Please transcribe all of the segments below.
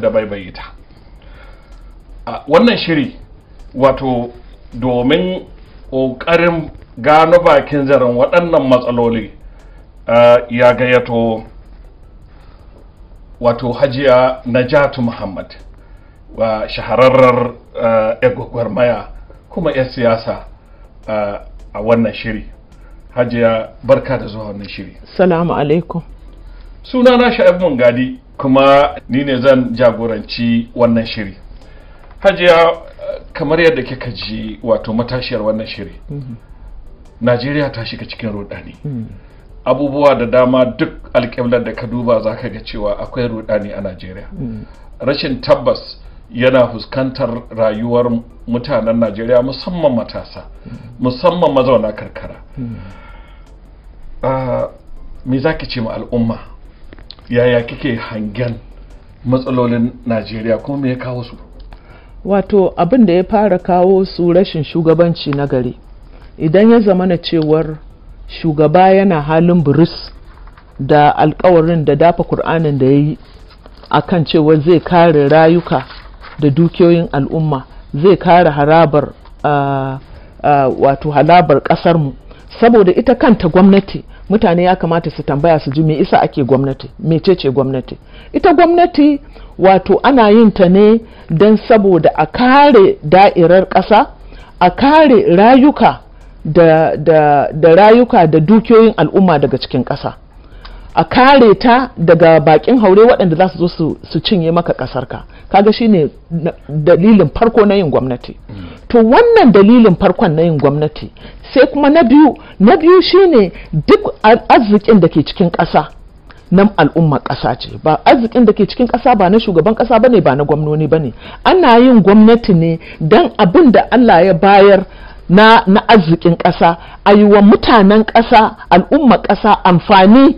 da baibaye ta wannan shiri wato domin ƙoƙarin gano bakin zaren waɗannan matsaloli ya gayyato wato hajiya najatu muhammad wa shahararrar yagwagwar maya kuma 'yan siyasa a wannan shiri hajiya barka da zuwa wannan shiri salamu alaikum Suna na sha'ib Gadi. kuma ni ne zan jagoranci wannan shiri hajiya kamar yadda kika ji wato matashiyar wannan shiri mhm. najeriya ta shiga cikin rudani hmm. abubuwa da dama duk alƙiblar da ka duba za ka ga cewa akwai rudani a najeriya hmm. rashin tabbas yana fuskantar rayuwar mutanen najeriya musamman matasa hmm. musamman mazauna karkara ah, me za ki ce ma al'umma yaya kike hangen matsalolin najeriya kuma me ya kawo su wato abin da ya fara kawo su rashin shugabanci na gari idan ya zama na cewar shugaba yana halin buris da alkawarin da dafa kur'anin da ya yi a kan cewa zai kare rayuka da dukiyoyin al'umma zai kare harabar ah, ah, wato halabar kasarmu saboda ita kanta gwamnati mutane ya kamata su tambaya su ji me isa ake gwamnati mecece gwamnati ita gwamnati wato ana yin ta ne don saboda a kare da'irar ƙasa a kare rayuka da, da, da rayuka da dukiyoyin al'umma daga cikin ƙasa a kare ta daga bakin haure waɗanda za su zo su cinye maka ƙasarka kaga shine dalilin farko na yin gwamnati mm. to wannan dalilin farkon na yin gwamnati sai kuma na biyu na biyu shine duk arzikin da ke cikin ƙasa nan al'ummar ƙasa ce ba arzikin da ke cikin ƙasa ba na shugaban ƙasa ne, ba na gwamnoni ba ne. ana yin gwamnati ne don abin da Allah ya bayar na, na arzikin ƙasa a yi wa mutanen ƙasa al'ummar ƙasa amfani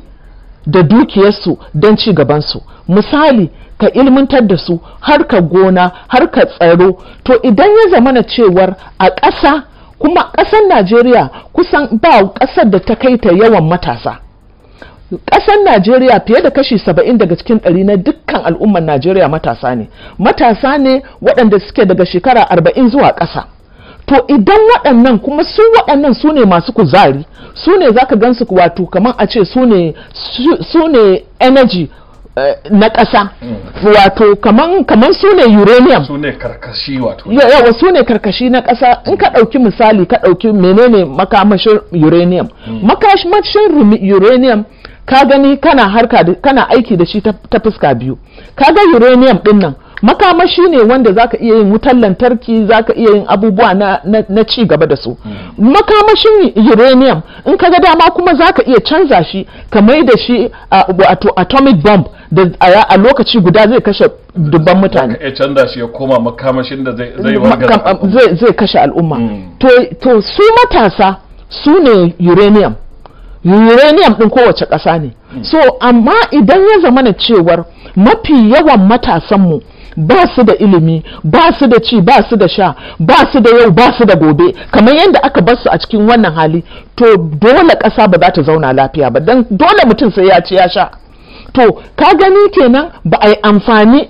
da dukiyarsu don ci gabansu misali ka ilmantar da su har ka gona har ka tsaro to idan ya zama na cewar a ƙasa kuma ƙasar najeriya kusan ba ƙasar da ta kai ta yawan matasa ƙasar najeriya fiye da kashi saba'in daga cikin ɗari na dukkan al'ummar najeriya matasa ne matasa ne waɗanda suke daga shekara arba'in zuwa ƙasa to idan waɗannan kuma su waɗannan su ne masu kuzari su ne za ka gansu wato kamar a ce su ne energy Eh, na ƙasa mm. wato kaman su ne uranium su ne karkashi wato yawa su ne karkashi na ƙasa in ka ɗauki misali ka ɗauki menene makamashin uranium mm. makamashin uranium ka gani kana kana aiki da shi ta fuska biyu ka ga uranium ɗin nan makamashi ne wanda zaka iya yin wutar lantarki zaka iya yin abubuwa na, na, na ci gaba da su mm. makamashin uranium in ka ga dama kuma zaka iya canza shi ka mai da shi wato atomic bomb da a lokaci guda zai kashe dubban mutane ya canza shi ya koma makamashin da zai zai kashe al'umma hmm. to su matasa su ne uranium uranium ɗin kowace ƙasa ne hmm. so amma idan ya zama na cewar mafi yawan matasanmu ba su da ilimi ba su da ci ba su da sha ba su da yau ba su da gobe kamar yadda aka bar su a cikin wannan hali to dole ƙasa ba za ta zauna lafiya ba don dole mutum sai ya ci ya sha to ka gani kenan ba a yi amfani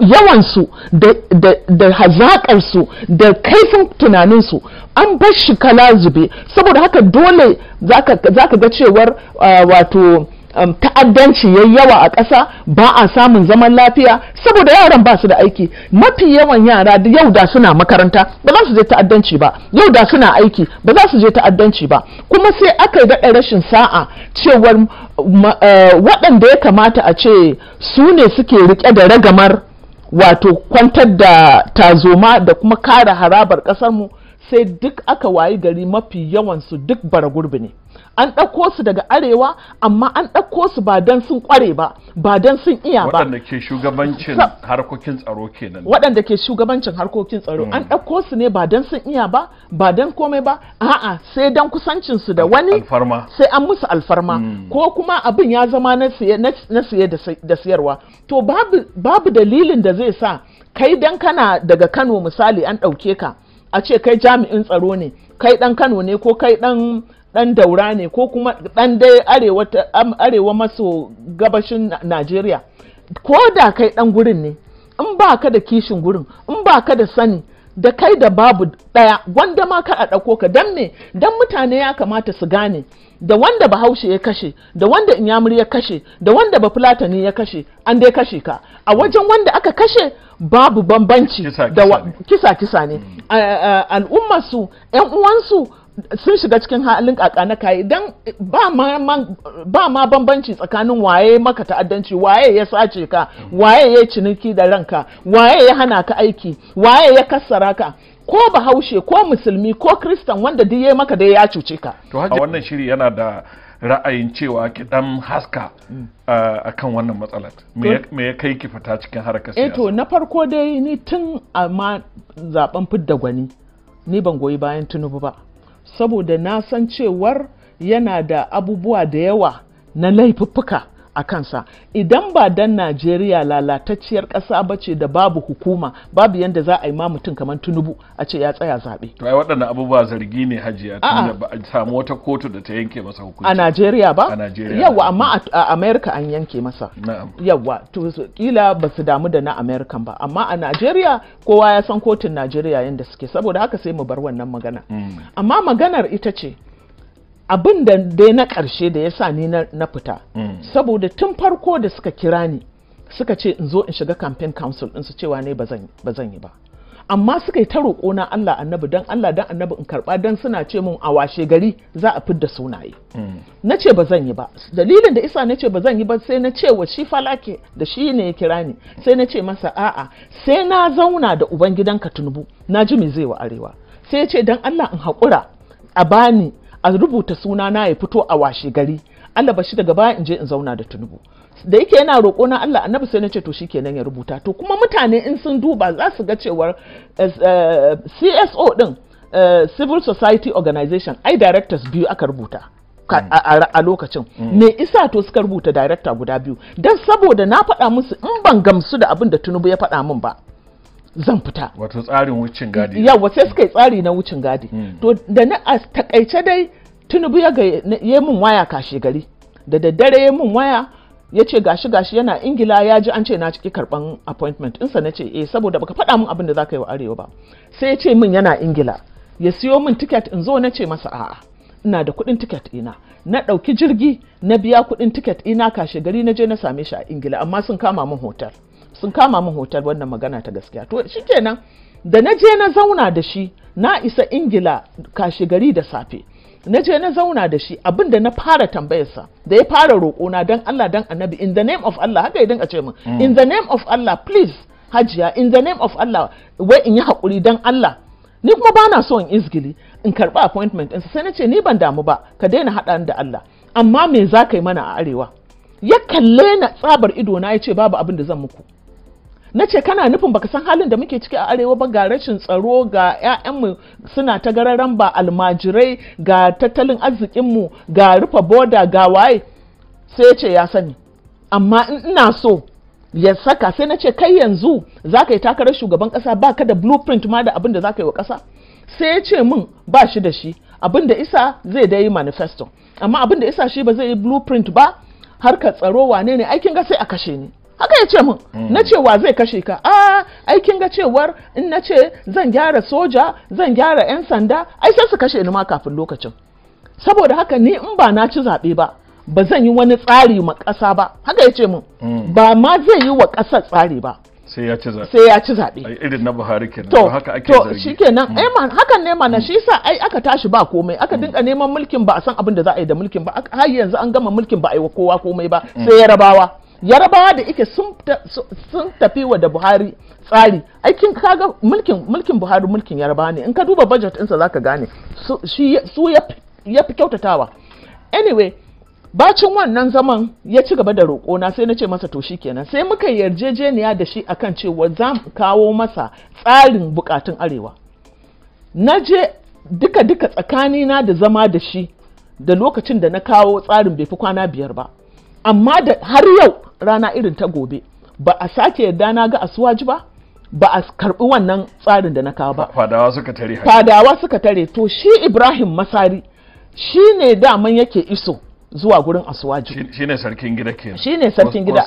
yawansu da hazaƙarsu da kaifin tunaninsu an bar shi kala zube saboda haka dole za ka ga cewar ah, wato Um, ta'addanci ya yawa a ƙasa ba a samun zaman lafiya saboda yaran ba su da aiki mafi yawan yara yau da suna makaranta ba za su je ta'addanci ba yau da suna aiki ba za su je ta'addanci ba kuma sai aka yi daɗa rashin sa'a cewar eh, waɗanda ya kamata a ce su ne suke riƙe da ragamar wato kwantar da tazoma da kuma kare harabar ƙasarmu sai duk aka wayi gari mafi yawansu duk bara gurbi ne an ɗauko su daga arewa amma an ɗauko su ba dan sun kware ba ba dan sun iya ba waɗanda ke shugabancin harkokin tsaro kenan waɗanda ke shugabancin harkokin tsaro an hmm. ɗauko su ne ba dan sun iya ba ba dan komai ba a'a sai dan kusancin su da wani sai an musu alfarma hmm. ko kuma abin ya zama na siye da siyarwa to babu dalilin da zai sa kai dan kana daga Kano misali an ɗauke ka a ce kai jami'in tsaro ne kai ɗan Kano ne ko kai dan ɗan daura ne ko kuma ɗan dai arewa maso gabashin najeriya ko da kai ɗan gurin ne in ba ka da kishin gurin in ba ka da sani da kai da babu ɗaya wanda ma ka a ɗauko ka don me don mutane ya kamata su gane da wanda bahaushe ya kashe da wanda inyamuri ya kashe da wanda bafulatani ya kashe an dai kashe ka a wajen wanda aka kashe babu bambanci da kisa kisa ne mm. al'ummarsu 'yan uwansu sun shiga cikin halin kaka na kayi don ba ma bambanci tsakanin waye maka ta'addanci waye ya sace ka waye ya ciniki da ranka waye ya hana ka aiki waye ya kassara ka ko bahaushe ko musulmi ko kristan wanda duk ya maka da ya cuce ka a wannan shiri yana da ra'ayin cewa ki dan haska mm. a kan wannan matsalar me ya kai ki fita cikin harkar eh siyasa eto na farko dai ni tun a ma zaben fidda gwani ni ban goyi bayan tunubu ba saboda na san cewar yana da abubuwa da yawa na laifuffuka a kansa idan ba dan najeriya lalatacciyar ƙasa ba ce da babu hukuma babu yadda za a yi ma mutum kamar tunubu a ce ya tsaya zaɓe. to ai waɗannan abubuwa zargi ne hajiya da ba a samu wata kotu da ta yanke masa hukunci a najeriya ba a yawa amma a america an yanke masa yawa to kila ba su damu da na american ba amma a najeriya kowa ya san kotun najeriya yadda suke saboda haka sai mu bar wannan magana mm. amma maganar ita ce abin da dai na karshe da ya sa ni na fita mm. saboda tun farko da suka kira ni suka ce in zo in shiga campaign council din su cewa ne ba zan yi ba amma suka yi ta roƙo na Allah annabi dan Allah dan annabi in karɓa dan suna ce mun a washe gari za a fidda sunaye mm. na ce ba zan yi ba dalilin da isa na ce ba zan yi ba sai na ce wa shi falake da shi ne ya kira ni sai na ce masa a'a sai na zauna da ubangidanka tunubu na ji me zai wa arewa sai ya ce dan Allah in haƙura a bani a rubuta suna na ya fito a washe gari Allah shi daga baya in je in zauna da tunubu da yake yana roƙo na Allah annabi sai na ce to shikenan ya rubuta to kuma mutane in sun duba za su ga cewar eh, eh, CSO din eh, Civil Society Organization ai directors biyu aka rubuta mm. a lokacin mm. me isa to suka rubuta director guda biyu don saboda na faɗa musu in ban gamsu da abin da tunubu ya faɗa min ba zan fita wato tsarin wucin gadi yawa sai suka yi tsari na wucin gadi hmm. to da na a takaice dai tinubu ya ga ya mun waya kashe gari da daddare ya min waya ya ce gashi gashi yana ingila ya ji an ce na ciki karban appointment insa na ce eh saboda baka faɗa mun abin da za ka yi wa arewa ba sai ya ce min yana ingila ya siyo min tiket in zo na ce masa a'a ina da kuɗin tiket ina na ɗauki jirgi na biya kuɗin tiket ina kashe gari na je na same shi a ingila amma sun kama min hotel sun kama min hotel wannan magana ta gaskiya to kenan, da na je na zauna da shi na isa ingila kashi gari da safe na je na zauna da shi abin da na fara tambayarsa da ya fara roƙona don Allah don annabi in the name of Allah haka idan dinga ce min mm. in the name of Allah please hajiya in the name of Allah wai in yi haƙuri don Allah ni kuma ba na so in izgili in karɓi appointment ɗinsa sai na ce ni ban damu ba ka daina haɗa da Allah amma me za ka yi mana a arewa ya kalle na tsabar ido na ya ce babu abin da zan muku na ce kana nufin baka san halin da muke ciki a arewa ba ga rashin tsaro ga 'ya'yanmu suna ta gararan ba almajirai ga tattalin arzikinmu ga rufe boda ga waye sai ya ce ya sani amma ina so ya saka sai na ce kai yanzu za ka yi takarar shugaban kasa ba ka da blueprint ma da abin da za ka yi wa kasa sai ya ce min ba shi da shi abin da isa zai dai manifesto amma abin da isa shi ba zai yi blueprint ba harkar tsaro wane ne aikin ga sai a kashe ni haka ya ce min hmm. na cewa zai kashe ka a ah, ai kin ga cewar in na ce zan gyara soja zan gyara 'yan sanda ai sai su kashe ni ma kafin lokacin saboda haka ni in ba na ci zaɓe ba ba zan yi wani tsari ma ƙasa ba haka ya ce min hmm. ba ma zai yi wa ƙasar tsari ba sai ya ci zaɓe irin na Buhari kenan to haka ake zargi to shikenan hmm. ai man hakan ne mana shi sa ai aka tashi ba komai aka dinka neman mulkin ba a san abin da za a yi da mulkin ba har yanzu an gama mulkin ba a yi wa kowa komai ba sai ya rabawa. yarabawa da ike sun tafi wa da buhari tsari aikin kaga mulkin mulkin buhari mulkin yarabawa ne in ka duba budget ɗinsa ka gane su ya fi kyautatawa anyway bacin wannan zaman ya ci gaba da roƙona sai na ce masa to shi kenan sai muka yarjejeniya da shi akan cewa za mu kawo masa tsarin bukatun arewa na je duka-duka tsakanina da zama da shi da lokacin da na kawo tsarin bai fi kwana biyar ba amma da har yau rana irin ta gobe ba a sake yadda na ga asuwaji ba ba a karbi wannan tsarin da na kawo ba fadawa suka tare fadawa suka tare to shi ibrahim masari shi ne daman yake iso zuwa gurin asuwaji shi ne sarkin gida kenan shi ne sarkin gida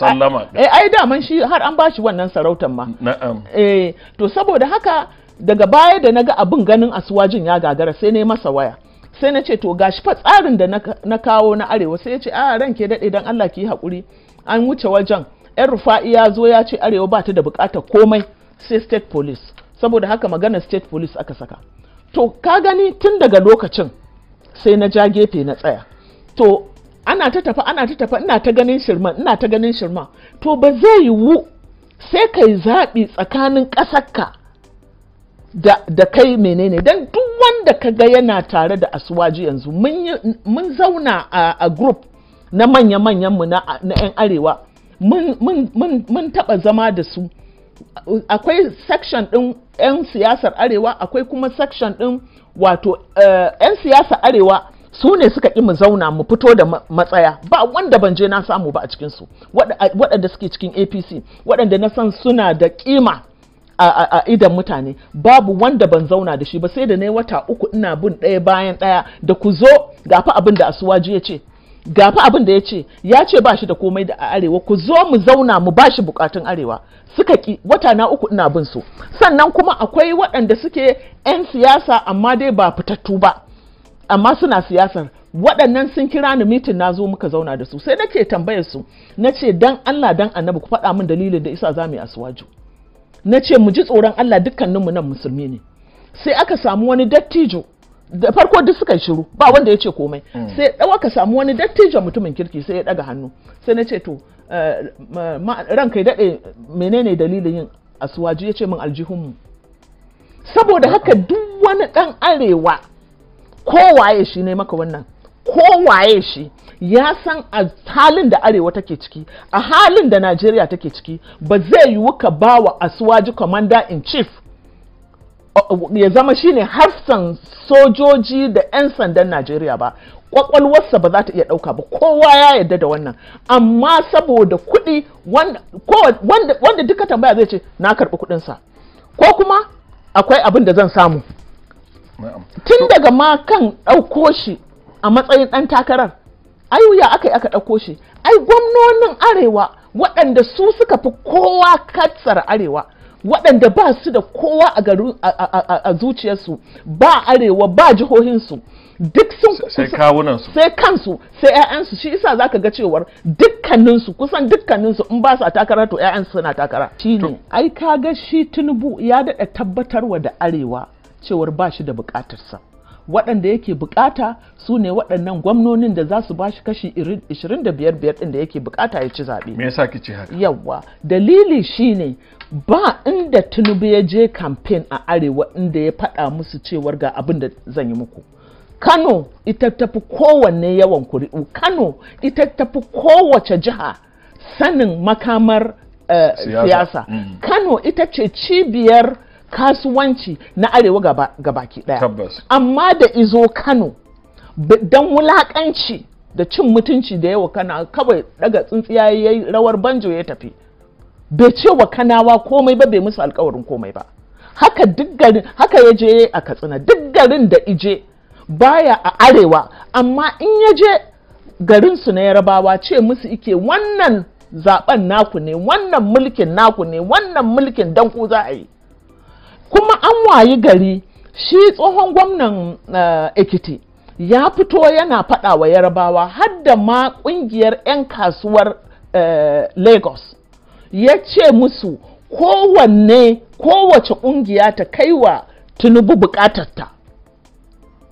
eh ai daman shi har an bashi wannan sarautar ma na'am eh to saboda haka daga baya da naga abin ganin asuwajin ya gagara sai ne masa waya sai na ce to gashi fa tsarin da na kawo na arewa sai ya ce a ran ke daɗe don Allah ki yi haƙuri an wuce wajen yan rufa'i ya zo ya ce arewa ba ta da buƙatar komai sai state police saboda haka magana state police aka saka to ka gani tun daga lokacin sai na ja gefe na tsaya to ana ta tafa ana ta tafa ina ta ganin shirma ina ta ganin shirma to ba zai yiwu sai kai zaɓi tsakanin ƙasarka da kai menene don duk wanda ka ga yana tare da asuwaji yanzu mun zauna a group na manya-manyanmu na 'yan arewa mun taɓa zama da su akwai section ɗin 'yan siyasar arewa akwai kuma section ɗin wato eh, 'yan siyasar arewa su ne suka mu zauna mu fito da matsaya ba wanda ban je na samu ba a cikinsu waɗanda suke cikin apc waɗanda na san suna da kima. a idan mutane babu wanda ban zauna da shi ba sai da na wata uku ina bin ɗaya bayan ɗaya da ku zo ga fa abin da asuwaji ya ce ga abin da ya ce ya ce ba shi da komai da a arewa ku zo mu zauna mu ba shi bukatun arewa suka ki wata na uku ina bin su sannan kuma akwai waɗanda suke 'yan siyasa amma dai ba fitattu ba amma suna siyasar waɗannan sun kira ni mitin na zo muka zauna da su sai nake tambayar su na ce dan Allah dan annabi ku faɗa min dalilin da isa za mu yi asuwaju na ce mu ji tsoron Allah dukkaninmu nan musulmi ne sai aka samu wani dattijo da farko duk suka shiru ba wanda ya ce komai mm. sai aka samu wani dattijo mutumin kirki sai ya daga hannu sai na ce to eh, ranka ya daɗe menene dalilin yin asuwaji ya ce min aljihunmu saboda haka duk wani ɗan arewa ya shi ne maka wannan kowaye shi ya san a halin da arewa take ciki a halin da najeriya take ciki ba zai yiwu ka ba wa asuwaji commander in chief uh, ya zama shine hafsan sojoji da 'yan sandan najeriya ba kwakwalwarsa ba za ta iya ɗauka ba kowa ya yarda da wannan amma saboda kuɗi wanda duka tambaya zai ce na karɓi kuɗinsa ko kuma akwai abin da zan samu tun daga ma kan ɗauko shi a matsayin ɗan takarar ai wuya aka yi aka ɗauko shi ai gwamnonin arewa waɗanda su suka fi kowa katsar arewa waɗanda ba su da kowa a zuciyarsu ba arewa ba jihohinsu duk sun sai sai kansu sai 'ya'yansu shi isa zaka ga cewar dukkaninsu kusan dukkaninsu in ba sa takara to 'ya'yansu suna takara shi ne ai kaga shi tinubu ya daɗa tabbatarwa da arewa cewar ba shi da buƙatarsa waɗanda yake bukata su ne waɗannan gwamnonin da za su ba shi kashi 25 ɗin da yake bukata ya ci zaɓe. Me yasa ki ci haka? Yawwa, dalili shine ba inda Tinubu ya je kamfen a arewa inda ya faɗa musu cewar ga abin da zan yi muku. Kano ita tafi kowanne yawan kuri'u, Kano ita tafi kowace jiha sanin makamar Uh, siyasa, mm. kano ita ce cibiyar kasuwanci na arewa ga baki daya amma da izo kano don wulakanci da cin mutunci da yawa kana kawai daga tsintsiya ya yi rawar banjo ya tafi bai ce wa kanawa komai ba bai musu alkawarin komai ba haka duk garin haka ya je a katsina duk garin da ije baya a arewa amma in ya je garinsu na yarabawa ce musu ike wannan zaben naku ne wannan mulkin naku ne wannan mulkin ku za a yi kuma an wayi gari shi tsohon gwamnan eh, ekiti ya fito yana faɗawa wa yarabawa har ma ƙungiyar 'yan kasuwar eh, lagos ya ce musu kowanne kowace ƙungiya ta kai wa tinubu bukatarta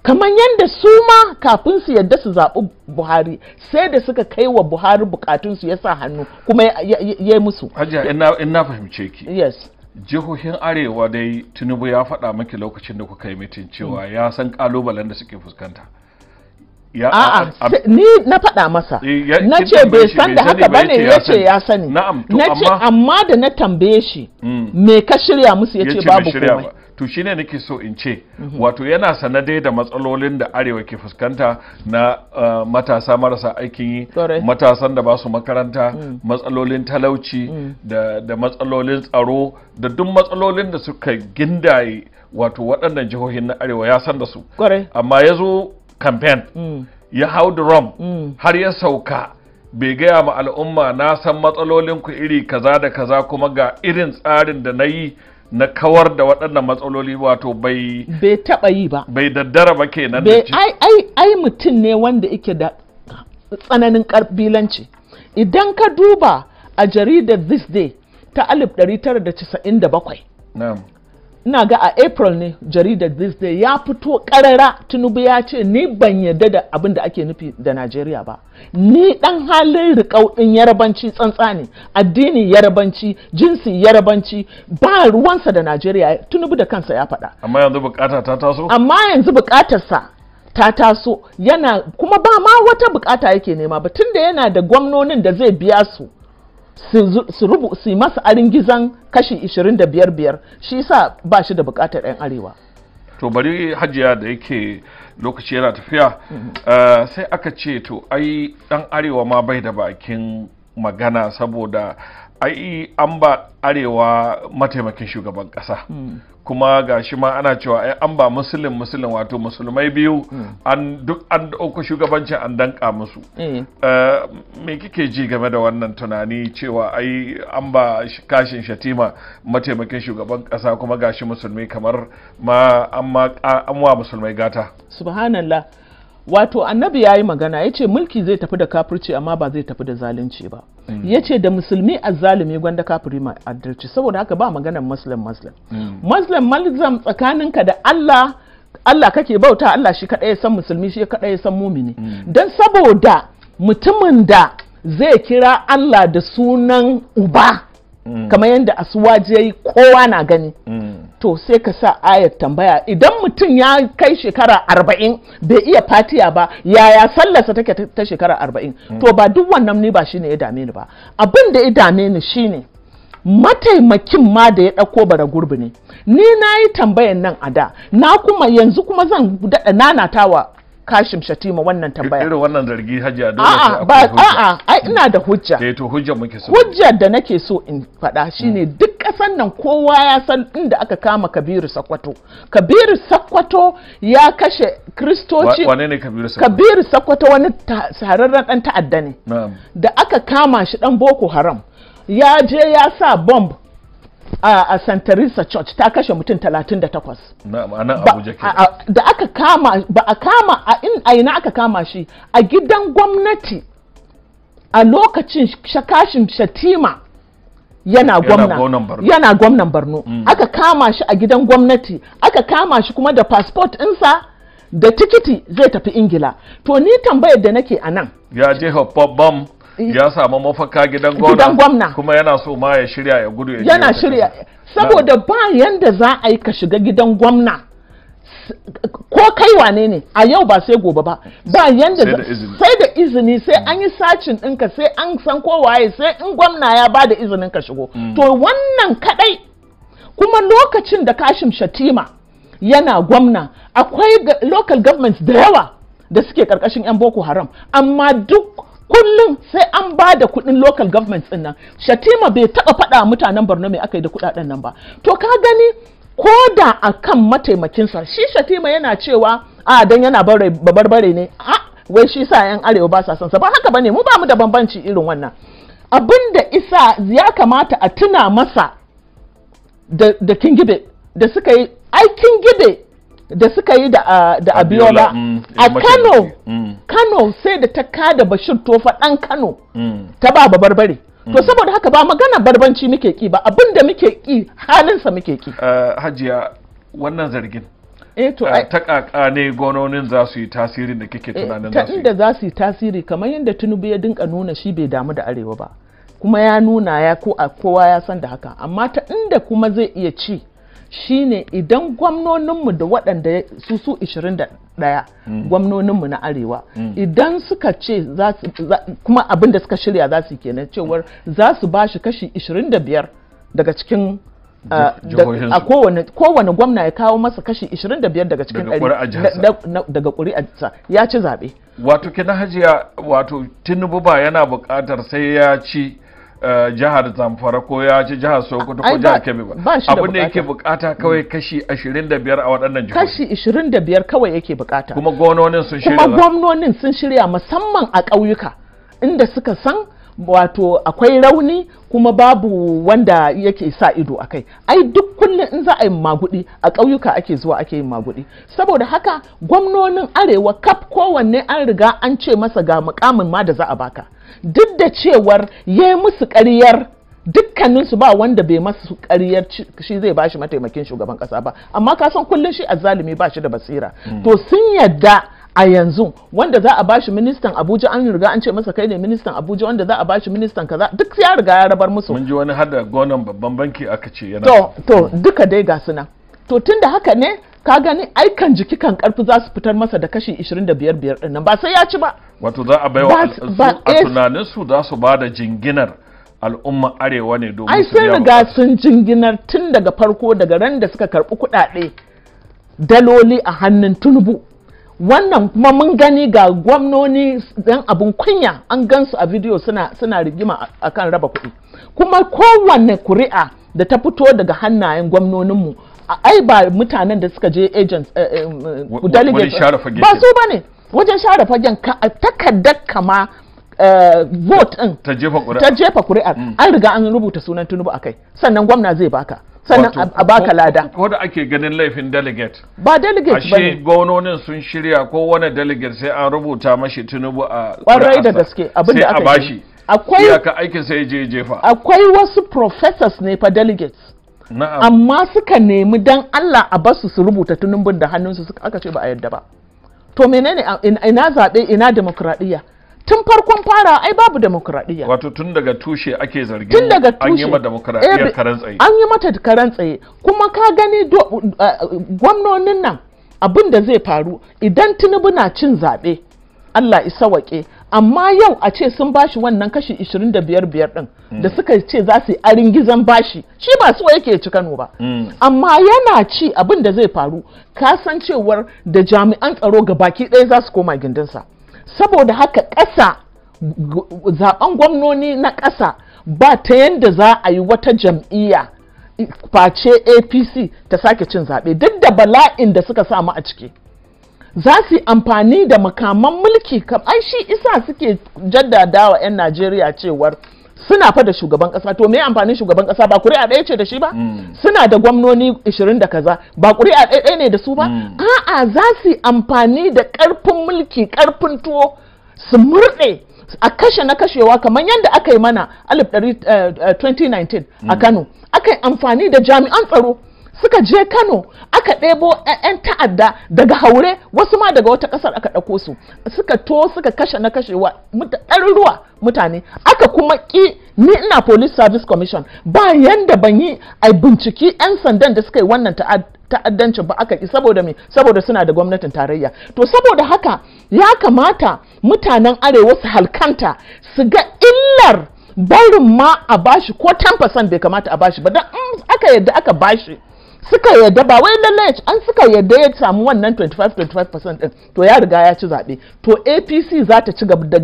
kamar yadda su ma kafin su yadda su zaɓi buhari sai da suka kai wa buhari bukatunsu ya sa hannu kuma ya musu hajiya in fahimce ki yes jihohin arewa dai tinubu ya faɗa miki lokacin da kuka yi mitin cewa mm. ya san kalubalen da suke fuskanta a'a ni na faɗa masa na ce bai san da haka ba ne ya ce ya sani na ce amma da na tambaye shi mm. me ka shirya musu ya ce babu komai to shine nake so in ce mhm. wato yana sanadai da matsalolin da arewa ke fuskanta na uh, matasa marasa aikin yi matasan da ba su makaranta mm. matsalolin talauci mm. da matsalolin tsaro da duk matsalolin da suka gindaye wato waɗannan jihohin na arewa ya san da su amma ya zo campaign mm. ya hau da rom har ya sauka bai gaya ma al'umma na san matsalolin ku iri kaza da kaza kuma ga irin tsarin da na yi na kawar da waɗannan matsaloli wato bai bai taɓa yi ba bai daddara ba kenan da ai ai ai mutum ne wanda yake da tsananin ƙabilanci idan ka duba a jaridar this day ta 1997 ina ga a april ne jaridar this day ya fito karara tinubu ya ce ni ban yarda da abin da ake nufi da najeriya ba ni dan halin rikau din yarabanci tsantsa ne addini yarabanci jinsi yarabanci ba ruwansa da najeriya tinubu da kansa ya faɗa amma yanzu bukata ta taso amma yanzu bukatarsa ta taso yana kuma ba ma wata bukata yake nema ba tunda yana da gwamnonin da zai biya su su rubu masa arin gizan kashi 25-5 shi sa ba shi da bukatar 'yan arewa to bari hajiya da yake lokaci yana tafiya mhm. eh, sai aka ce to ai dan arewa ma bai da bakin magana saboda ai an ba arewa mataimakin shugaban kasa hmm. kuma ga shi ma ana cewa ai an ba musulun musulun wato musulmai biyu hmm. an duk an dauko shugabancin an danka musu eh. Eh, me kike ji game da wannan tunani cewa ai an ba kashin shatima mataimakin shugaban kasa kuma ga shi musulmi kamar ma an wa musulmai gata subhanallah wato annabi ya yi magana ya ce mulki zai tafi da kafirci amma ba zai tafi da zalunci ba mm. ya ce da musulmi a azzalumi gwanda kafiri ma adalci saboda haka ba maganar muslim muslim mm. muslim tsakanin tsakaninka da allah allah kake bauta allah shi kadai ya san musulmi shi kadai ya san mumini mm. don saboda mutumin da zai kira allah da sunan uba kamar yadda asuwaji ya yi kowa na gani to sai ka sa ayat tambaya idan mutum ya kai shekara arba'in bai iya fatiya ba yaya sallarsa take ta shekara arba'in hmm. to ba duk wannan ni ba shine ya dame ni ba abin da ya dame ni shine mataimakin ma da ya ɗauko bara gurbi ne ni na yi tambayan nan a da na kuma yanzu kuma zan daɗa nanatawa kashim shatima wannan tambaya irin wannan zargi hajji a dole a'a ba a'a ai ina da hujja da eh, to hujja muke so hujja da nake so in faɗa hmm. shine duk ƙasan nan kowa ya san inda aka kama Kabiru Sakwato Kabiru Sakwato ya kashe Kristoci wane ne Kabiru Sakwato Kabiru Sakwato wani sararren dan ta'adda ne da aka kama shi dan Boko Haram ya je ya sa bomb a St. Teresa Church ta kashe mutum 38. Da aka kama ba a kama a ina aka kama shi a gidan gwamnati a lokacin shakashin shatima yana gwamna yana gwamnan Borno mm. aka kama shi a gidan gwamnati aka kama shi kuma da passport ɗinsa da tikiti zai tafi Ingila to ni tambayar da nake a nan ya je bomb Eh, ya samu mafaka gidan gwamna kuma yana so ma ya shirya ya gudu ya yana shirya saboda ba yanda za a yi ka shiga gidan gwamna ko kai wane ne a yau ba sai gobe ba ba yanda sai da izini sai an yi sacin ɗinka sai an san kowaye sai in gwamna ya ba da izinin ka shigo mm. to wannan kadai kuma lokacin da kashim shatima yana gwamna akwai local governments da yawa da suke karkashin 'yan boko haram amma duk kullum sai an ba da kuɗin local government ɗin nan shatima bai taɓa faɗa mutanen borno mai aka yi da kuɗaɗen nan ba to ka gani ko da a kan mataimakinsa shi shatima yana cewa a dan yana babarbare ne a wai shi sa yan arewa ba sa son sa ba haka bane mu ba mu da bambanci irin wannan abin da isa ya kamata a tuna masa da, da kingibe da suka yi ai gibe. da suka yi da abiola mm, a kano mm. kano sai da ta kada bashir tofa dan kano mm. ta ba ba barbare to saboda haka ba magana barbanci muke ki ba abinda muke ki halinsa muke ki eh, hajiya wannan zargin eh, eh, ta kaka ne gononin za su yi tasiri da kike tunanin za ta inda za su yi tasiri kamar yadda tinubu ya dinka nuna shi bai damu da arewa ba kuma ya nuna ya ko a kowa ya san da haka amma ta inda kuma zai iya ci shine idan gwamnoninmu da waɗanda su su 21 mm. gwamnoninmu na arewa mm. idan suka ce kuma abin da suka shirya za su kenan cewar za su ba shi kashi 25 daga cikin ah, a kowane gwamna ya kawo masa kashi 25 daga cikin daga ƙuri'arsa ya ci zaɓe wato kina hajiya wato tinubu ba yana buƙatar sai ya ci Eh, jihar zamfara ko ya ci jihar sokoto ko jihar kebbi ba abin da yake bukata kawai mm. kashi 25 a waɗannan jihohi kashi 25 kawai yake bukata kuma gwamnonin sun shirya kuma gwamnonin sun shirya musamman a ƙauyuka inda suka san wato akwai rauni kuma babu wanda yake sa ido a kai ai duk kullum in za a yi magudi a ƙauyuka ake zuwa ake yin magudi saboda haka gwamnonin arewa kaf kowanne an riga an ce masa ga mukamin ma da za a baka duk da cewar ya musu ƙaryar dukkaninsu ba wanda bai masu kariyar shi zai bashi mataimakin shugaban kasa ba amma ka san kullum shi azzalumi ba shi da basira hmm. to sun yadda a yanzu wanda za a bashi ministan Abuja an riga an ce masa kai ne ministan Abuja wanda za a bashi ministan kaza duk ya riga ya rabar musu mun ji wani hada gonan babban banki aka ce yana to to duka dai ga suna to tunda haka ne ka gani aikan jiki kan karfi za su fitar masa da kashi 25 biyar din nan ba sai ya ci ba wato za a baiwa a eh. tunanin su za su bada jinginar al'umma arewa ne domin ai sun riga sun jinginar tun daga farko daga ran da suka karbi kudade daloli a hannun tunubu wannan kuma mun gani ga gwamnoni dan abin kunya an gansu a bidiyo suna suna rigima akan raba kuɗi kuma kowanne kuri'a da ta fito daga hannayen gwamnoninmu ai ba mutanen da suka je agents eh, eh, mm, delegates ba ne wajen share fagen takardar kama eh, vote din ta jefa kuri'ar mm. an riga an rubuta sunan tunubu a kai sannan gwamna zai baka sannan a baka lada ko da ake ganin laifin delegate ba delegate ba ne gwanonin sun shirya ko wani delegate sai an rubuta mashi tunubu a kwarai da gaske abin da aka yi akwai aikin sai je jefa akwai wasu professors ne fa delegates amma suka nemi dan Allah a basu su rubuta tunubun da hannunsu aka ce ba a yadda ba to menene ina zaɓe ina demokradiyya tun farkon fara ai babu demokradiyya wato tun daga tushe ake zargin an yi mata demokradiyya eh, karan tsaye an yi mata karan tsaye kuma ka gani uh, gwamnonin nan abin da zai faru idan tinubu na cin zaɓe Allah isa waƙe amma yau a ce sun bashi wannan kashi 25 biyar din hmm. da suka ce za su yi aringizan bashi shi ba so yake ci Kano ba hmm. amma yana ci abin da zai faru kasancewar da jami'an tsaro ga baki ɗaya za su koma gindinsa saboda haka ƙasa zaben gwamnoni na ƙasa ba ta yadda za a yi wata jam'iyya face apc ta sake cin zaɓe duk da bala'in da suka samu a ciki za su yi amfani da makaman mulki kamar shi isa suke jaddadawa 'yan najeriya cewar suna fa da shugaban kasa to me amfanin shugaban kasa ba kuri'a ɗaya ce da shi ba mm. suna da gwamnoni 20 da kaza ba kuri'a ɗaya ne da su ba mm. a'a za su amfani da karfin mulki karfin tuwo su murɗe a kashe na kashewa kamar yadda aka yi mana 2019 eh, eh, a mm. Kano aka yi amfani da jami'an tsaro suka je Kano aka ɗebo 'yan ta'adda daga haure wasu ma daga wata ƙasar aka ɗauko su suka to suka kashe na kashewa ɗaruruwa mutane aka kuma ƙi ni ina police service commission ba yanda ban yi a binciki 'yan sandan da suka yi wannan ta'addanci ba aka ƙi saboda me saboda suna da gwamnatin tarayya to saboda haka ya kamata mutanen arewa su halkanta su ga illar barin ma a bashi ko 10% bai kamata a bashi ba don aka yadda aka bashi suka yarda ba wai lallai an suka yarda ya samu wannan 25-25% din to ya riga ya ci zaɓe to apc za ta ci gaba da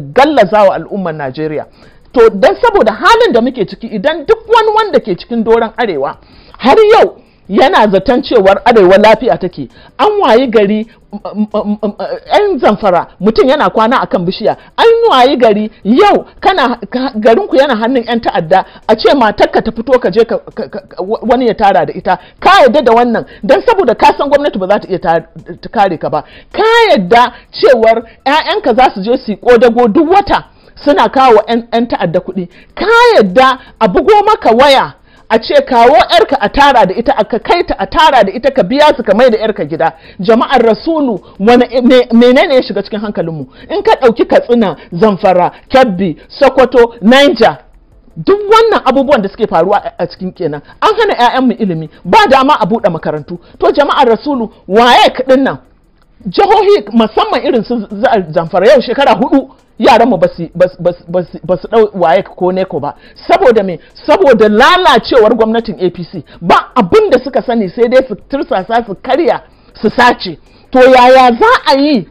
wa al'ummar najeriya to don saboda halin da muke ciki idan duk wani wanda ke cikin doron arewa har yau yana zaton cewar arewa lafiya take an wayi gari yan zamfara mutum yana kwana akan bishiya an wayi gari yau kana garinku yana hannun yan ta'adda a ce matarka ta fito ka je wani ya tara da ita ka yadda da wannan don saboda ka san gwamnati ba za ta iya kare ka ba ka yadda cewar 'ya'yanka za su je su yi kodago duk wata suna kawo 'yan ta'adda kuɗi ka yadda a bugo maka waya a ce kawo yarka a tara da ita aka kai ta a tara da ita ka biya su ka mai da yarka gida jama'ar rasulu wani menene ya shiga cikin hankalinmu in ka ɗauki katsina zamfara kebbi sokoto niger duk wannan abubuwan da suke faruwa a cikin kenan an hana 'ya'yan mu ilimi ba dama a buɗe makarantu to jama'ar rasulu waye kaɗin nan jihohi musamman irin su zamfara yau shekara hudu yaranmu ba su ɗau waye ko neko ba saboda me saboda lalacewar gwamnatin apc ba abin da suka sani sai dai su tursasa su karya su sace to yaya za a yi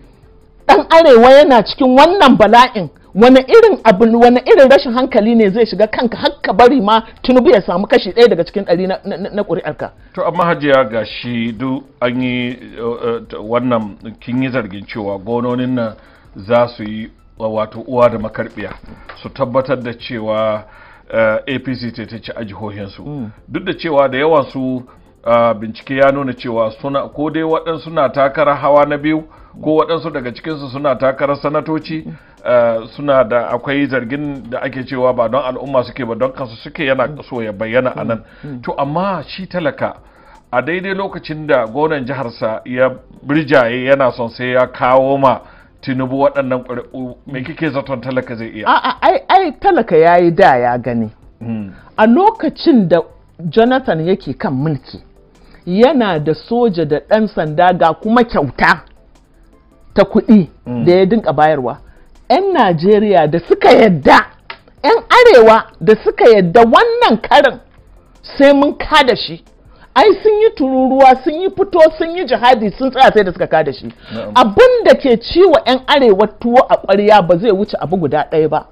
ɗan arewa yana cikin wannan bala'in wani irin abin wani irin rashin hankali ne zai shiga kanka hakka bari ma tunubu ya samu kashi ɗaya daga cikin ɗari na ƙuri'arka. to amma hajiya ga shi duk an yi eh, eh, wannan kin yi zargin cewa gononin nan za su yi wato uwa da makarbiya su tabbatar da cewa eh, apc ta ta ci a jihohinsu mm. duk da cewa da yawan su bincike ya nuna cewa suna ko dai waɗansu na takarar hawa na biyu ko waɗansu daga cikinsu suna takarar sanatoci mm. eh, suna da akwai zargin da ake cewa ba don al'umma suke ba don kansu suke yana mm. so ya bayyana a nan to amma shi talaka a daidai lokacin da gonan jiharsa ya birjaye yana son sai ya kawo ma tinubu waɗannan ƙuri'u me kike zaton talaka zai iya ai ai talaka ya yi da ya gani hmm. a lokacin da jonathan yake kan mulki yana da soja da ɗan sanda ga kuma kyauta ta kuɗi hmm. da ya dinka bayarwa 'yan najeriya da suka yadda 'yan arewa da suka yadda wannan karin sai mun kada shi ai sun yi tururuwa sun yi fito sun yi jihadi sun tsaya sai da suka kada shi abun da ke ci wa 'yan arewa tuwo a ƙwarya ba zai wuce abu guda ɗaya ba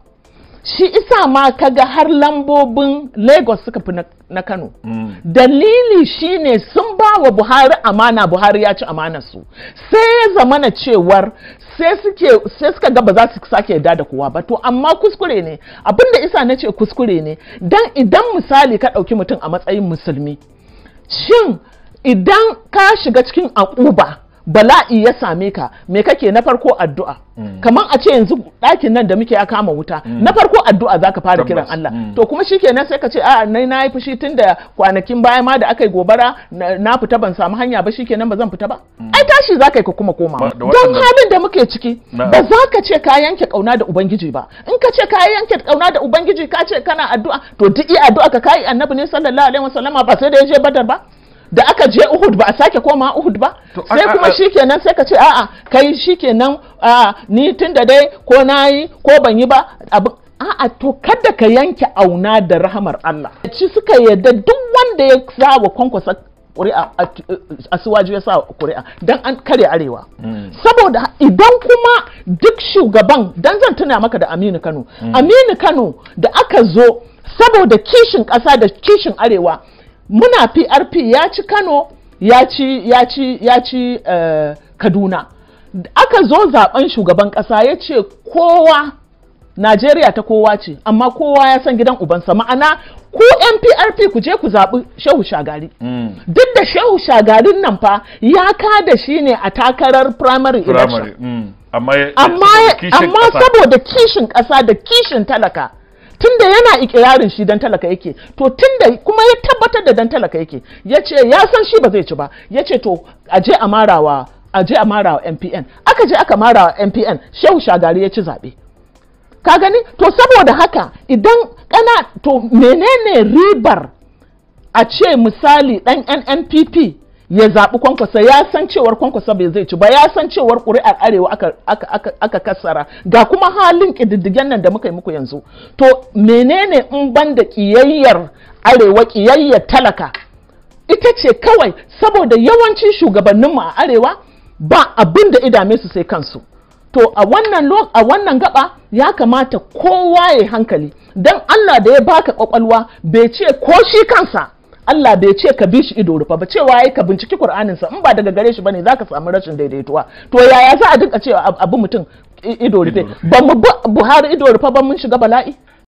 shi isa ma kaga har lambobin lagos suka fi na kano mm. dalili shine sun ba wa buhari amana buhari ya ci amana su sai ya na cewar sai suka ga ba za su sake yadda da kowa ba to amma kuskure ne abinda isa na ce kuskure ne don idan misali ka ɗauki mutum a matsayin musulmi shin idan ka shiga cikin akuba bala'i ya same ka me kake na farko addu'a mm. kamar a ce yanzu ɗakin nan da muke ya kama wuta mm. na farko addu'a za ka fara kiran Allah mm. to kuma shikenan sai ka ce a nai na yi fushi tun da kwanakin baya ma da aka yi gobara na fita ban samu hanya ba shikenan ba zan fita ba ai tashi za ka yi ka kuma koma don halin da muke ciki ba za ka ce ka yanke kauna da ubangiji ba in ka ce ka yanke kauna da ubangiji ka ce kana addu'a to duk iya addu'a ka kai annabi ne sallallahu alaihi wasallama ba sai da ya je badar ba da aka je Uhud ba a sake koma Uhud ba sai kuma shikenan sai ka ce a'a kai shikenan a ni tunda dai ko nayi ko ban yi ba abu a'a to kada ka yanke auna da rahamar Allah ci suka yadda duk wanda ya sa kwankwasa ƙuri'a a suwaju ya sa ƙuri'a don an kare arewa mm. saboda idan kuma duk shugaban don zan tuna maka da aminu kano mm. aminu kano da aka zo saboda kishin ƙasa da kishin arewa muna prp ya ci kano ya ci ya ci ya ci eh, kaduna aka zo zaben shugaban kasa ya ce kowa najeriya ta kowa ce amma kowa ya san gidan ubansa ma'ana ku nprp ku je ku zaɓi shehu shagari mm. duk da shehu shagarin nan fa ya kada shi ne a takarar primary, election mm. amma saboda kishin ƙasa da kishin talaka tunda yana ikirarin shi dan talaka yake to tunda kuma ya tabbatar da dan talaka yake ya ce ya san shi ba zai ci ba ya ce to a je a marawa a je a marawa MPN aka je aka marawa MPN Shehu Shagari ya ci zaɓe ka gani to saboda haka idan kana to menene ribar a ce misali dan NNPP ya zaɓi kwankwasa ya san cewar kwankwasa bai zai ci ba ya san cewar ƙuri'ar arewa aka kasara ga kuma halin ƙididdigen nan da muka yi muku yanzu to menene in ban da ƙiyayyar arewa ƙiyayyar talaka ita ce kawai saboda yawancin shugabanninmu a arewa ba abin da idame su sai kansu to a wannan a wannan gaba ya kamata kowa ya hankali don allah da ya baka kwakwalwa bai ce ko shi kansa Allah bai ce ka bi shi ido rufa ba cewa yayi ka binciki Qur'anin sa in ba daga gare shi bane zaka samu rashin daidaituwa to yaya za a dinka cewa abu mutum ido rufe ba mu Buhari ido rufa ba mun shiga bala'i